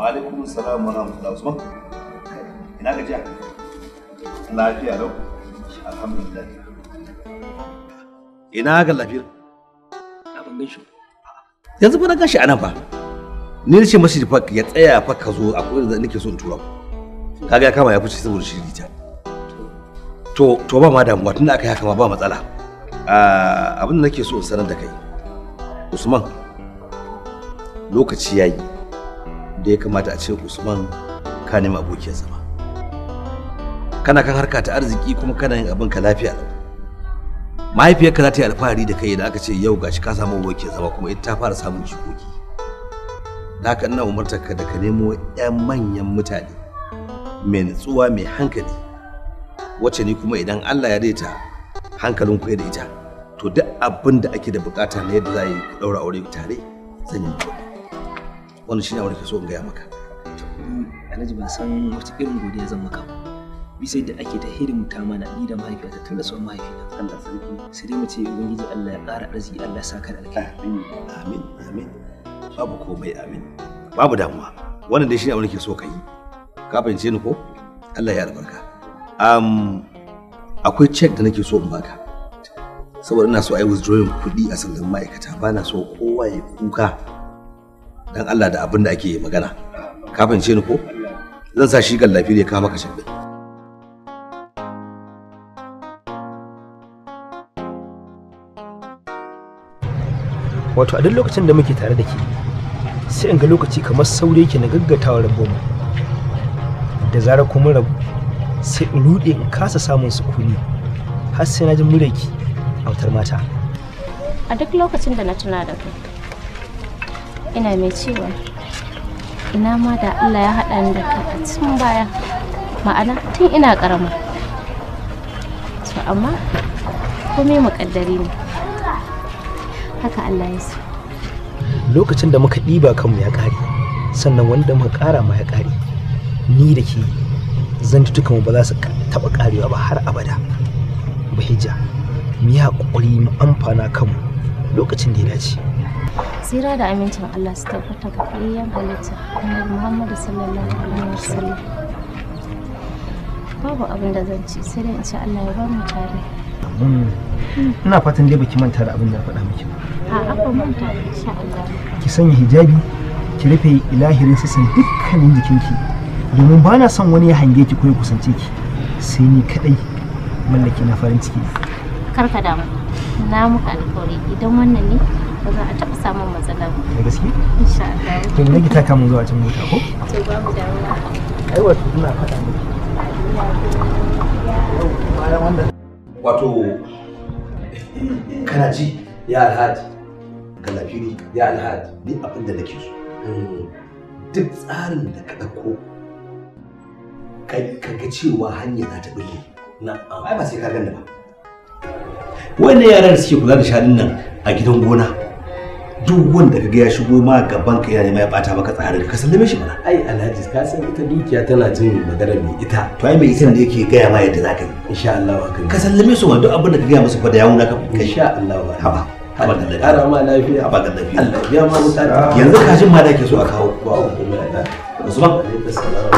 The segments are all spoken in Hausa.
wa alaikum salam wa rahmatullahi usman ina gajiya lafiya lau alhamdulillah ina ga lafiya na ban ganshi yanzu fa na gashi anan fa ni ce mashi fa ya tsaya fa ka zo akwai da nake so in tura ku kaga ya kama ya fice saboda shi rita to to ba ma damuwa tunda aka yi haka ba matsala ah, abin da nake so in sanar da kai usman lokaci ya yi. da ya kamata a ce usman ka nema abokiyar zama kana kan harka ta arziki kuma kana yin abin ka lafiya mahaifiyarka za ta yi alfahari da kai da aka ce yau gashi ka samu abokiyar zama kuma ita ta fara samun jikoki da haka ina umartar ka da ka nemo 'yan manyan mutane mai nutsuwa mai hankali wacce ni kuma idan allah ya daita hankalin ku da ita to duk abin da ake da bukata na yadda za a yi daura aure tare zan yi wannan shi ne wani so in gaya maka alhaji ban san wata irin godiya zan maka ba bisa yadda ake ta mutama mana ni da mahaifiyata tun da tsohon mahaifina Allah sarki sai dai mace ubangiji Allah ya ƙara arziki Allah sa ka da alkhairi amin amin babu komai amin babu damuwa wannan dai shine abin wani ke so ka yi ka fahimce ni ko Allah ya albarka um, akwai cek da nake so in baka saboda ina so ai withdrawing kuɗi a sandan ma'aikata ba na so kowa ya kuka dan Allah da abin da ake magana ka fahimce ni ko zan sa shi gan lafiya ka maka shabbai wato a duk lokacin da muke tare da ke sai in ga lokaci kamar saurayi ke na gaggatawa mu da zarar kuma rabu sai in rude in kasa samun sukuni har sai na ji mureki autar mata a duk lokacin da na tuna da kai ina mai cewa ina ma da Allah ya haɗa ni da kai a cikin baya ma'ana tun ina ƙarama to amma komai muƙaddari ne haka Allah ya so lokacin da muka ɗiba kanmu ya ƙare sannan wanda muka ƙara ma ya ƙare ni da ke mu ba za su taɓa ƙarewa ba har abada bahija mu yi haƙuri mu amfana kanmu lokacin da ya dace Sira da amincin Allah su tabbata ga fiyayyen halitta Annabi Muhammadu sallallahu alaihi wa sallam, Babu abin da zan ci sai dai in ci Allah ya ba mu tare. Ina fatan dai baki manta da abin da faɗa miki ba. A'a ba manta insha Allah. Ki sanya hijabi ki rufe ilahirin sisin dukkanin jikinki domin ba na son wani ya hange ki ko ya kusance ki sai ni kadai mallaki na farin ciki karka damu na muka alƙawari idan wannan ne ba za a taɓa samun matsala ba. Da gaske? Insha Allah. Kin zuwa cin mota ko? To ba mu da Ai wato ina faɗa miki. wato kana ji ya alhaji galafiri ya alhaji ni abin da nake so duk tsarin da ka ɗauko ka ga cewa hanya za ta bulle na ai ba sai ka ganda ba wannan yaran suke kula da shanun nan a gidan gona duk wanda kaga ya shigo ma gaban ka yana nema ya bata maka tsarin ka sallame shi mana ai alhaji ka san ita dukiya tana jin magana mai ita to ai mai ita ne yake gaya ma yadda zaka yi insha Allah haka ka sallame su ma duk abin da ka gaya musu fa da yawun ka insha Allah wa haba haba da lafiya ara ma lafiya haba da lafiya Allah ya ma mutata yanzu ka kashin ma da ke so a kawo ba da Usman Assalamu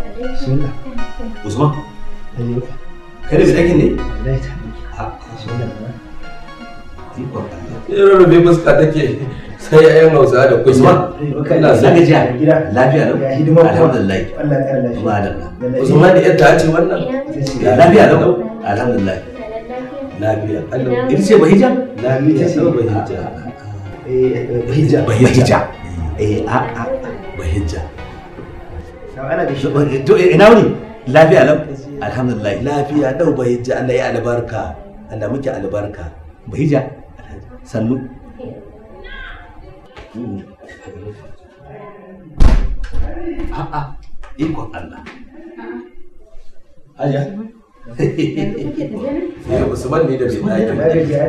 alaikum alaikum Usman kare da bidakin ne wallahi ta ha Usman Irin rufe fuska take sai ya yi hausa da kusa. Kana san gajiya lafiya lau. Alhamdulillah. Allah ya lafiya. Usman da yadda ce wannan. Lafiya lau. Alhamdulillah. Lafiya. Allah. Ita ce bahija? Lafiya ce ah, ah, ah. Eh, bahija. Bahija. Bahija. Eh a a bahija. To eh, ina wuni? Lafiya lau. Alhamdulillah. Lafiya lau bahija. Allah ya albarka. Allah muke albarka. Bahija. Mm. Ah, a'a ah. ikon Allah aja ya usman ne da bai ɗakin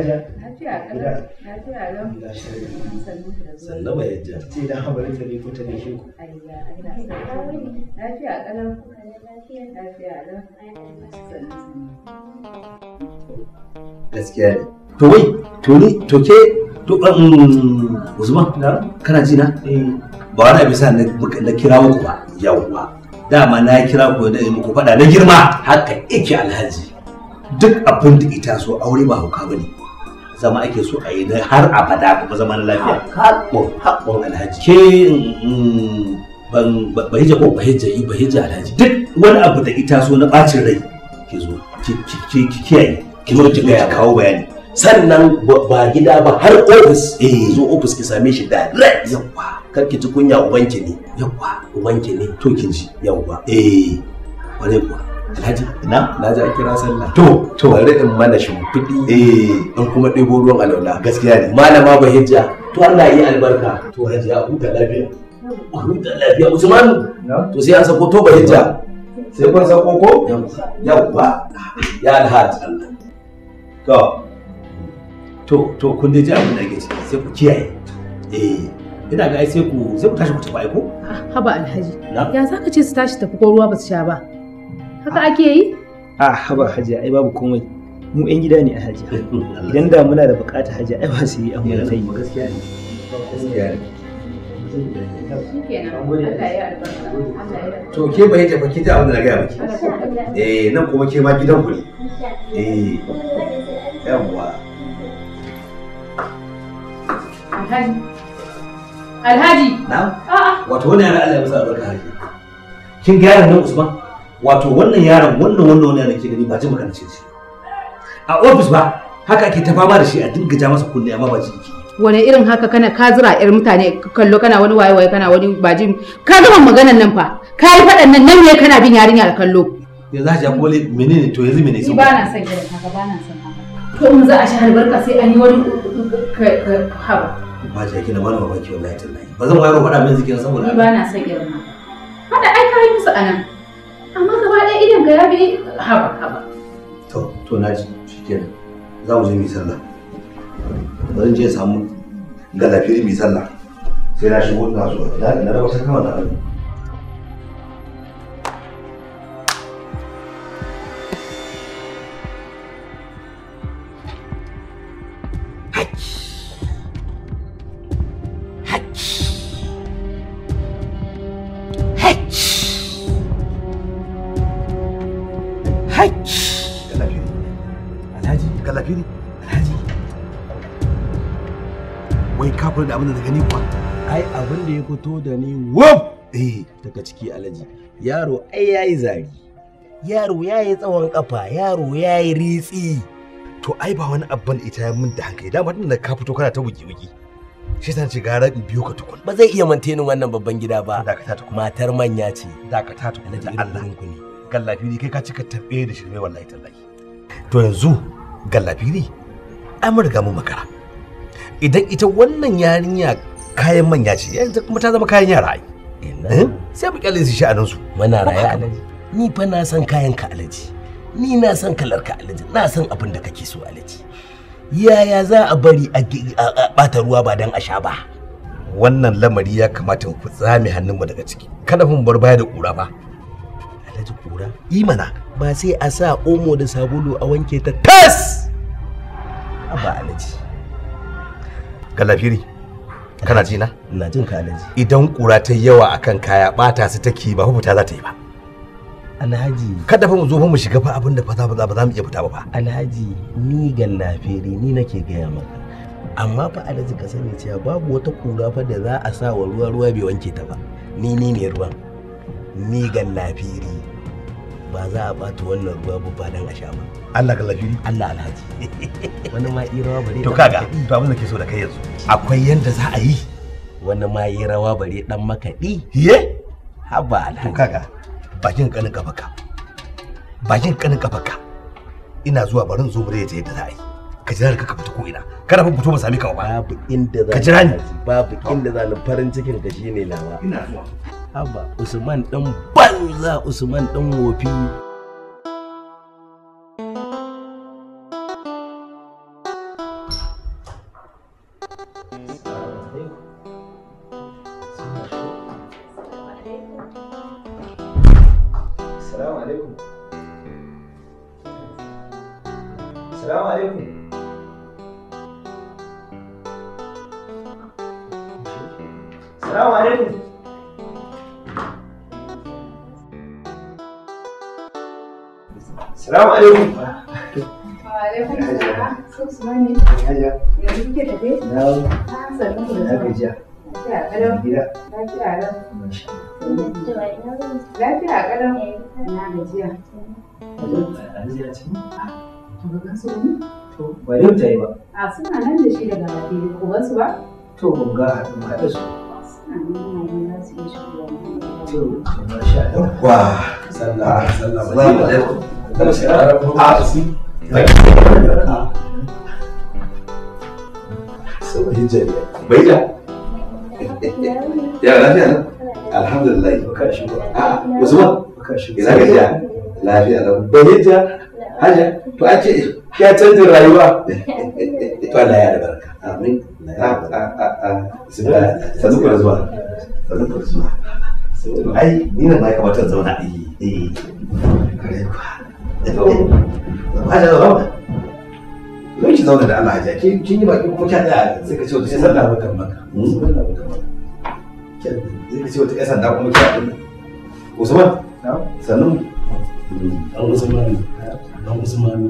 sannan mai yadda ce da habarin da riko ta ku lafiya kalau lafiya gaskiya ne to wai to ni to ke to um, Usman kana ji na eh. ba wani sa na kira muku ba yawwa dama na kira ku da muku faɗa na girma haka yake alhaji duk abin da ita so aure ba hauka ne zama ake so a yi har abada kuma zama na lafiya haƙon haƙon alhaji ke um, ban bahija ko bahija yi bahija alhaji duk wani abu da ita so na ɓacin rai ke zo ki kiyaye ki zo ki ya kawo bayani sannan ba gida ba har ofis eh zo ofis ki same shi right yawa kar ki ji kunya ubanki ne yawa ubanki ne to kin ji yawa eh kwarai kuwa Alhaji ina Alhaji a kira sallah to to bari in mana shimfiɗi eh in kuma ɗebo ruwan alaula gaskiya ne malama hijja. to Allah yi albarka to Alhaji ya huta lafiya a huta lafiya Usman to sai an sako to hijja. sai kun sako ko yawa ya Alhaji to to to kun dai ji abin da ake ciki sai ku kiyaye eh ina ga ai sai ku sai ku tashi ku tafi aiko ah, haba alhaji ya ka ce su tashi tafi ko ruwa ba su sha ba haka ake yi a ah, haba haji ai babu komai mu yan gida ne alhaji haji idan da muna da bukata haji ai ba su yi amma da sai gaskiya ne gaskiya ne To ke bai tafi ki ta abin da gaya miki. Eh nan kuma ke ma gidan ku ne. Eh yawwa. Alhaji. Alhaji. Na'am. Wato wannan yaran Allah ya masa albarka haji. Kin ga yaran nan Usman? Wato wannan yaran wannan wannan wannan yaron ke gani ba jin magana ce shi. A office ba haka ake ta fama da shi a dinga ja masa kunne amma ba ji yake. Wane irin haka kana ka zira yar mutane kallo kana wani waye waye kana wani ba jin ka gama maganan nan fa ka yi faɗan nan nan ne kana bin yarinya da kallo. Yanzu hajiya ko menene to yanzu menene? Ni ba na son irin haka ba na son haka. To in za a sha albarka sai an yi wani haba. Fajiya kina bani mamaki wallahi tallahi. Ba zan wayar faɗa min zikin saboda. Ni ba na son irin haka. Hada ai kai musu anan. Amma gaba ɗaya idan ga ya bi haba haba. To to na ji shikenan. Za mu je mu sallah. zan je samu galafiri mu sallah. Sai na shigo ina so. Na na wata kama na abin. kai galafiri da gani kuwa ya fito da ni eh. daga ciki alhaji yaro ai yayi tsawon kafa yaro yayi ritsi to ai ba wani ita ya da hankali ta buki buki shi ta ce gara in biyo ka tukun ba zai iya mantenin wannan babban gida ba matar manya ce dakata tukun da Allah ne gallafiri kai ka cika tabbe da mai wallahi tallahi to yanzu gallafiri an riga mu makara idan ita wannan yarinya kayan manya ce yanzu eh, kuma ta zama kayan yara ai eh, sai mu shi su nan su muna raye alaji ni fa na san kayan ka alaji ni na san kalar ka alaji na san abin da kake so alaji yaya za a bari a bata ruwa ba dan a sha ba wannan lamari ya kamata mu tsame hannunmu daga ciki kada mun bar baya da kura ba lura mana ba sai a sa omo da sabulu a wanke ta tas a ba alaji galafiri kana ji na ina jin ka alaji idan kura ta yawa akan kaya bata su take ba fa za ta yi ba Alhaji. Kada fa mu zo fa mu shiga fa abinda fa za ba za mu iya fita ba Alhaji ni gallafere ni nake gaya maka. Amma fa Alhaji ka sani cewa babu wata kura fa da za a sa wa ruwa ruwa bai wanke ta ba. Ni ni ne ruwan. Ni gallafere. ba za a bata wannan ruwa ba ba dan a sha ba Allah ga lafiri Allah alhaji wani ma yi rawa bare to kaga to abin da ke so da kai yanzu akwai yanda za a yi wani ma yi rawa bare dan makadi ye haba alhaji to kaga bakin kanin kafa ka bakin kanin kafa ka ina zuwa barin zo mu da yadda za a yi ka jira ka fita ko ina kada fa fito ba sami ka ba babu inda za ka jira ni babu inda za ni farin cikin ka shine lawa ina zuwa haba usman dan banza usman dan wofi alaikum. Assalamu alaikum. Salamu alaikum. Lafiya ƙalau. Na gajiya. Lafiya ce? Ba gan su To, ba yau ta yi ba. A suna nan da shi daga wafi, ko gansu ba? To, ban ga haɗu haɗe su. To, masha Allah. Wa, sallah, sallah, saboda jariya bai da ya lafiya nan alhamdulillah baka shi ba a usman baka shi ina lafiya nan bai da haja to a ce ya canza rayuwa to ya albarka amin sanu zuwa zuwa ai ni nan kamata zauna a yi eh, eh. Aja da zauna. Zo ki zauna da Allah hajiya. Kin kin yi baki kuma da tsaya sai ka ce wata hmm? sai sallah mutan maka. Sallah ka ce wata ƴan sanda kuma kya tsaya. Usman. Sannu. Hmm. An Usman.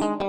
Thank you.